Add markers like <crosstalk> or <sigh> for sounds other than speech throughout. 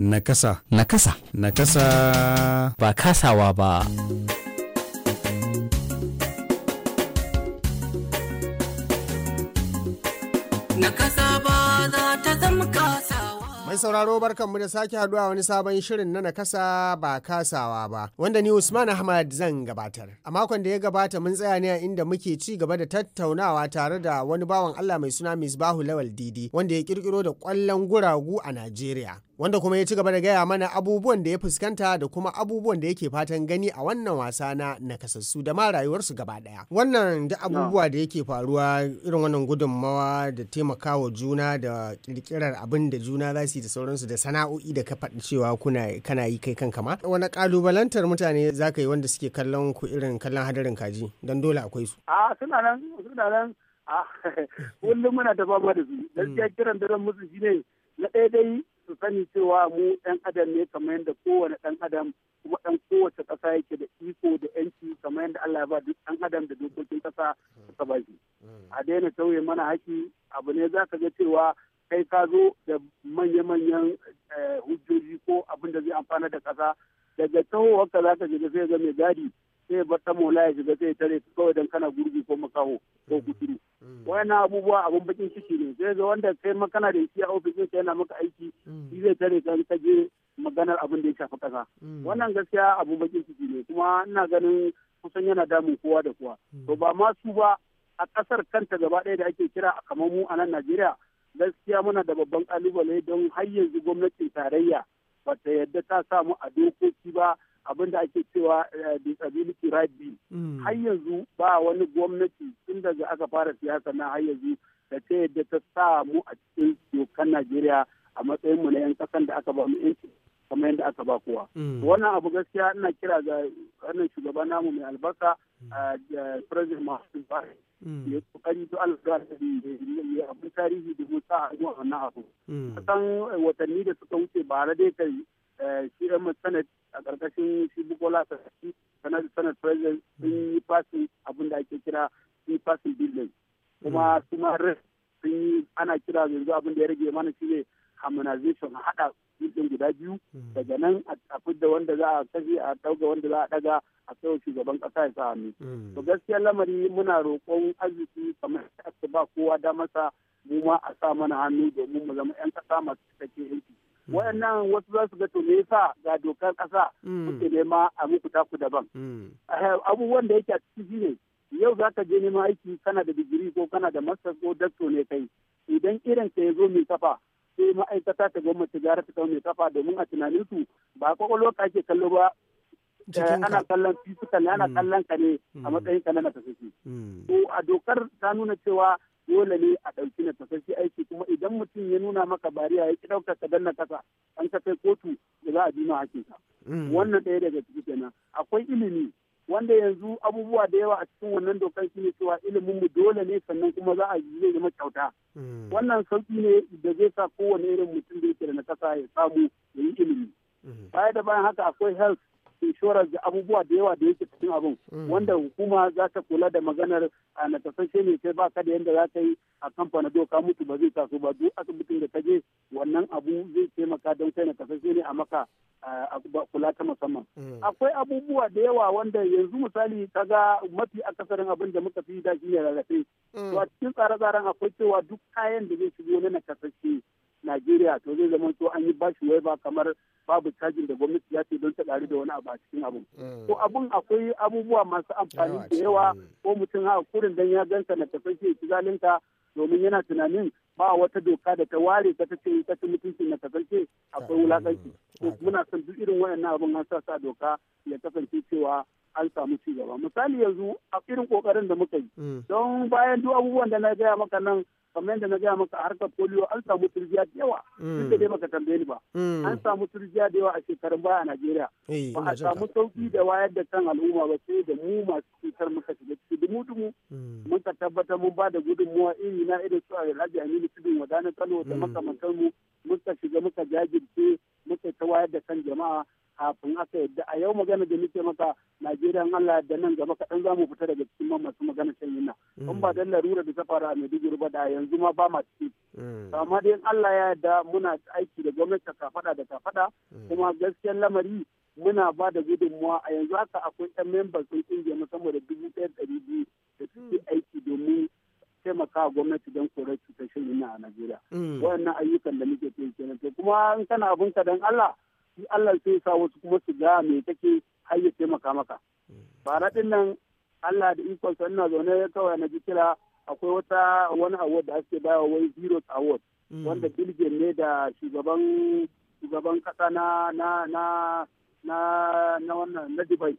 Nakasa. Nakasa. Nakasa. Ba kasawa ba. Nakasa ba za ta zama kasawa. Mai sauraro barkanmu da sake haduwa wani sabon shirin na nakasa ba kasawa ba wanda ni Usman Ahmad zan gabatar. A makon da ya gabata mun tsaya ne a inda muke ci gaba da tattaunawa tare da wani bawan Allah mai suna Misbahu Lawal Didi wanda ya kirkiro da kwallon guragu a Najeriya. wanda kuma ya ci gaba da gaya mana abubuwan da ya fuskanta da kuma abubuwan da yake fatan gani a wannan wasa na nakasassu da ma rayuwarsu gaba daya wannan da abubuwa da yake faruwa irin wannan gudunmawa da taimakawa juna da kirkirar abin da juna za su yi da sauransu da sana'o'i da ka faɗi cewa kuna kana yi kai kanka ma wani kalubalantar mutane za ka yi wanda suke kallon ku irin kallon hadarin kaji don dole akwai su a suna nan suna nan <laughs> kullum muna ba da su hmm. gaskiya kiran daren musu shine na ɗaya dai su sani cewa mu ɗan adam ne kamar yadda kowane ɗan adam kuma ɗan kowace ƙasa yake da iko da yanci kamar yadda Allah ya ba duk ɗan adam da dokokin ƙasa su baki. A daina sauye mana haƙi abu ne za ka ga cewa kai ka zo da manya-manyan eh, hujjoji ko abin da zai amfana da ƙasa daga taho haka za ka shiga sai ga mai gadi sai bar ta mola ya shiga sai tare kawai don kana gurbi ko makaho ko kuturu. wani abubuwa abun bakin ciki ne sai ga wanda kai makana da shi a ofis sai yana maka aiki mm. shi zai tare ka ka je maganar abin da ya shafi kasa mm. wannan gaskiya abun bakin ciki ne kuma ina ganin kusan yana damun kowa da kowa mm. to ba ma su ba a kasar kanta gaba ɗaya da ake kira a kamar mu a nan Najeriya gaskiya muna da babban kalubale don har yanzu gwamnatin tarayya ba ta yadda ta samu a dokoki ba abin da ake cewa eh, disability right bill hmm. har yanzu ba wani gwamnati tun daga aka fara siyasa na har yanzu da ta yadda ta sa mu a cikin dokan najeriya a matsayin mu na yan kasan da aka ba mu yanci kamar yadda aka ba kowa hmm. wannan abu gaskiya ina kira ga wannan shugaba namu mai albasa hmm. ah, president masu buhari ya kokari duk alƙalari ya abin tarihi da musa a wannan abu kasan watanni da suka wuce ba dai kai eh, shi yan senate a shi bukola sarki sanar president sun yi fasin abin da ake kira sun fasin bilin kuma kuma mm. sun yi ana kira yanzu abin da ya rage mana shi ne harmonization a haɗa billin guda biyu mm. daga nan a fidda wanda za a kashe a ɗauka wanda za a ɗaga a kai shugaban ƙasa ya sa hannu mm. to gaskiya lamari muna roƙon arziki kamar ba kowa damarsa mu ma a sa mana hannu domin mu zama 'yan ƙasa masu cikakken yanki Mm. wayannan wasu za su ga to me yasa ga dokar kasa kuke mm. nema a muku taku daban mm. eh, abubuwan da yake a ciki ne yau za ka je neman aiki kana da digiri ko kana da masa ko dakto ne kai idan irin ka ya zo mai kafa sai ma'aikata ta gwamnati gara ta mai kafa domin a tunanin su ba kwakwalwa ka ake kallo ba eh, ana kallon ne ana kallon ka ne a matsayin ka na tafafi to a dokar ta nuna cewa dole ne a ɗauki na tafafi aiki kuma idan mutum ya nuna maka bariya ya ki ɗaukar ka danna kasa an ka kai kotu da za a bi ma hakinka. Mm. Wannan ɗaya daga ciki kenan. Akwai ilimi wanda yanzu abubuwa da yawa a cikin wannan dokar shi ne cewa ilimin mu dole ne sannan kuma za a yi zai zama kyauta. Mm. Wannan sauki ne da zai sa kowane irin mutum da yake da na kasa ya samu ya yi ilimi. Mm. Baya da bayan haka akwai health inshorar da abubuwa da yawa da yake cikin abin mm. wanda hukuma za ta kula da maganar a ah, natasashe ne sai baka da yadda za ta yi a kan kamfana doka mutu ba zai taso ba duk asibitin da ta je wannan abu zai taimaka don kai natasashe ne a maka ah, kula ta musamman. Mm. Akwai abubuwa da yawa wanda yanzu misali ga mafi akasarin abin da muka fi da shi ne rarrafe. Mm. To a cikin tsare-tsaren akwai cewa duk kayan da zai shigo na nakasashe Najeriya to zai zama to an yi bashi wai ba kamar babu cajin da gwamnati ya ce don ta dari da wani abu a cikin abu ko mm. abun akwai abubuwa masu amfani da yawa ko mutum a kurin dan ya ganta na tafashe shi zalinta domin yana tunanin ba wata doka da ta ware ta ce ta ci mutunci na kasance akwai mm. wulakanci. To muna son duk irin wayannan abun an sa sa doka ya kasance cewa an samu ci gaba misali yanzu a irin kokarin da muka yi mm. don bayan duk abubuwan da na gaya maka nan kamar yadda na gaya maka a harkar polio an samu turjiya da yawa mm. duk da dai maka tambaye ni ba mm. an samu turjiya da yawa a shekarun baya a Najeriya eh, ba a samu sauki da wayar da kan al'umma ba sai da mu masu cutar muka shiga ciki dumu dumu mm. mun ka tabbatar mun ba da gudunmuwa iri na irin su a Alhaji Aminu Tudun Wadanin Kano da makamantar mu muka shiga muka jajirce muka ta wayar da kan jama'a kafin aka yadda a yau magana da muke maka Najeriya Allah da nan gaba kaɗan za mu fita daga cikin masu magana shan na. Mm. in ba dan larura da ta faru a ba da yanzu ma ba masu ci. Mm. Amma dai Allah ya yadda muna aiki da gwamnati ka faɗa da ka mm. kuma gaskiyar lamari muna ba da gudunmuwa a yanzu haka akwai ɗan membas sun ƙungiyar mu sama da dubu ɗaya ɗari biyu da suke aiki domin taimaka gwamnati don korar cutar na a Najeriya. Mm. Waɗannan ayyukan da muke kai kenan to kuma in kana abin ka dan Allah shi Allah sai sa wasu kuma su ga me take har ya taimaka maka. Mm. Bara ɗin nan Allah da ikon sa ina zaune kawai na ji kira akwai wata wani award da ake bawa wani zero Award mm. wanda Bill ne da shugaban shugaban kasa na na na na na wannan na Dubai.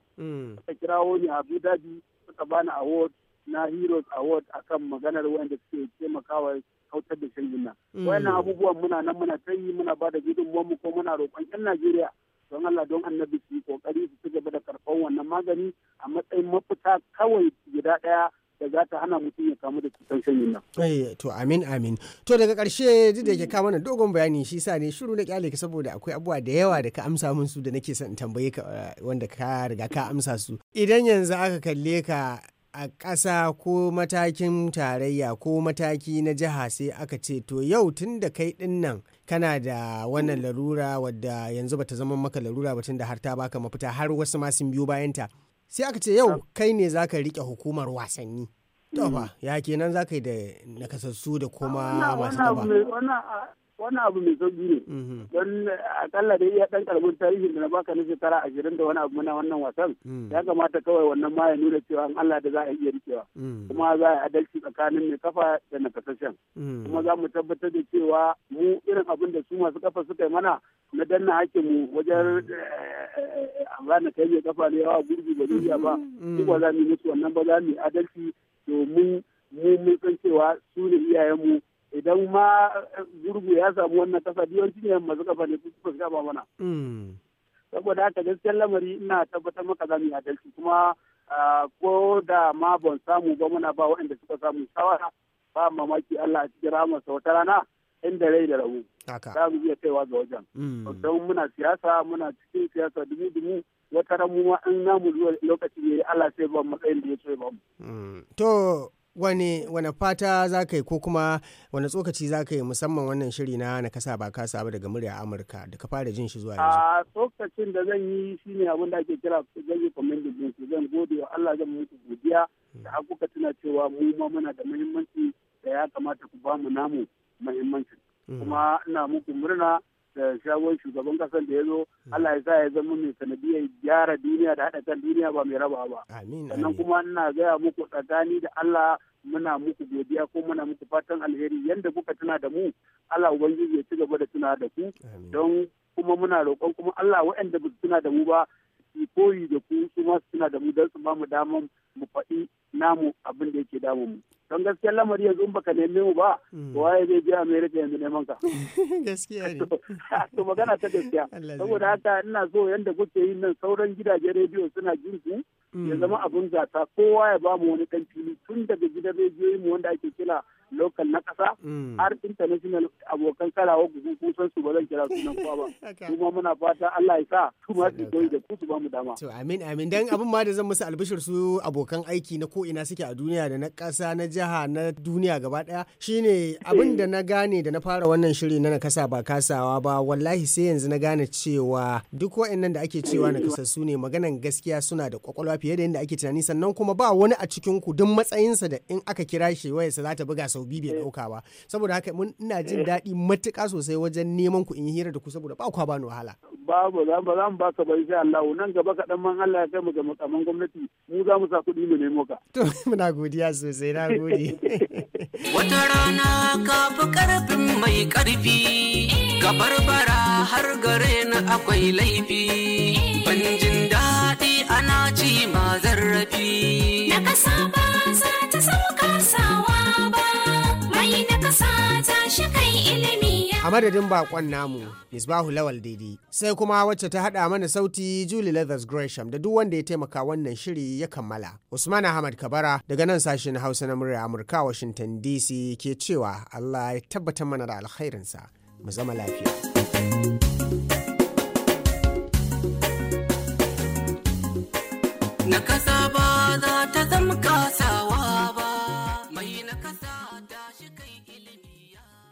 aka kirawo ni Abu Dhabi suka bani award na heroes award akan maganar wanda suke taimakawa kautar da canjin nan mm. wayannan abubuwan muna nan muna ta yi muna ba da gudunmuwan mu ko muna roƙon yan najeriya don allah don annabi su yi kokari su ci gaba da karɓar wannan magani a matsayin mafita kawai guda ɗaya da za ta hana mutum ya kamu da cutar sanyin nan. Ai, eh, to amin amin. To daga ƙarshe duk da ke kama na dogon bayani shi sa ne shiru na kyale ka saboda akwai abubuwa da yawa da ka amsa min da nake son tambaye ka eh, wanda ka riga ka amsa su. Idan yanzu aka kalle ka a ƙasa ko matakin tarayya ko mataki na jiha sai aka ce to yau tun da kai ɗin nan kana da wannan larura wadda yanzu bata zama maka larura ba tun da har ta baka mafita har wasu ma sun biyo bayanta sai aka ce yau kai ne zaka riƙe hukumar wasanni to fa ya kenan zaka yi da nakasassu da kuma masu gaba wani abu mai sauki ne mhm. don akalla da iya dan karamin tarihin da na baka na shekara ashirin da wani abu muna wannan wasan mhm. ya kamata kawai wannan ma ya nuna cewa an Allah da za a iya rikewa mhm. kuma za a adalci tsakanin mai kafa da nakasashen kuma za mu tabbatar da cewa mu irin abin da su masu kafa suka yi mana na danna hakkin mu wajen eh, amana kai mai kafa ne yawa gurbi ba duniya ba duk ba za mu yi musu wannan ba za mu yi adalci domin mu mun san cewa su ne iyayen mu. idan ma eh, gurgu ya samu wannan kasa yawanci yamma masu kafa ne suka gaba mana. Hmm. Saboda haka gaskiyar lamari ina tabbatar maka zamu yi adalci kuma ko da ma ban samu ba muna ba waɗanda suka samu shawara ba mamaki Allah a cikin ramarsa wata rana inda rai da rabu. Za mu iya kaiwa ga wajen. Hmm. Don muna siyasa muna cikin siyasa dubu dubu wata ramu ma in namu lokaci ne Allah sai ba matsayin da ya so ya ba mu. Hmm. To wani wani fata za ka yi ko kuma wani tsokaci za ka yi musamman wannan shiri na na kasa ba kasa ba daga murya amurka da ka fara jin shi zuwa yanzu a tsokacin da zan yi shine abin da ake kira zan yi da din su zan gode wa Allah zan muku godiya da har kuka tuna cewa mu ma muna da muhimmanci da ya kamata ku ba mu namu muhimmanci. Mm. kuma ina muku murna da shagon shugaban kasan da ya zo hmm. Allah ya sa ya zama mai sanadiyar gyara duniya da haɗa kan duniya ba mai raba ba sannan kuma ina gaya muku tsakani da Allah muna muku godiya ko muna muku fatan alheri yadda kuka tuna da mu Allah ubangiji ya ci gaba da tuna da ku don kuma muna roƙon kuma Allah waɗanda ba su tuna da mu ba su koyi da ku su ma su tuna da mu don su ba mu damar mu faɗi namu abin da yake damu mu don gaskiyar lamari yanzu in baka neme mu ba to hmm. waye zai je America yanzu neman ka <laughs> gaskiya ne <laughs> to magana ta gaskiya <laughs> saboda haka ina so yanda kuke yin nan sauran gidajen rediyo suna jin ku ya hmm. zama abun gasa kowa ya ba mu wani kan fili tun daga gidan rediyoyin mu wanda ake kira lokal na kasa mm. har international abokan karawa ku kun san su ba zan kira sunan kowa ba <laughs> kuma muna fata Allah ya sa su ma su koyi da ku su ba mu dama to amin amin dan abin ma da zan musu albishir su abokan aiki na ko ina suke a duniya da na kasa na jiha na duniya gaba daya shine abin da na gane da na fara wannan shiri na na kasa ba kasawa ba wallahi sai yanzu na gane cewa duk wa'annan da ake cewa na su ne maganan gaskiya suna da kwakwalwa fiye da yadda ake tunani sannan kuma ba wani a cikin ku duk matsayinsa da in aka kira shi wayarsa za ta buga sau sau biyu bai dauka eh. ba saboda haka mun ina jin eh. daɗi matuƙa sosai wajen neman ku in yi hira da ku saboda ba kwa ba ni wahala babu za ba za mu baka ba insha Allah nan gaba kaɗan man Allah ya kai mu ga mukamman gwamnati mu za mu sa kuɗi mu nemo ka to <laughs> muna godiya sosai na gode <laughs> wata rana ka fi karfin mai karfi ka barbara har gare na akwai laifi ban jin daɗi ana a madadin bakon namu isbahu lawal daidai sai kuma wacce ta hada mana sauti julie leathers gresham da duk wanda ya taimaka wannan shiri ya kammala usman ahmad kabara daga nan sashen hausa na murya amurka washington dc ke cewa allah ya tabbatar mana da alkhairinsa mu zama lafiya na kasa ba za ta zama kasa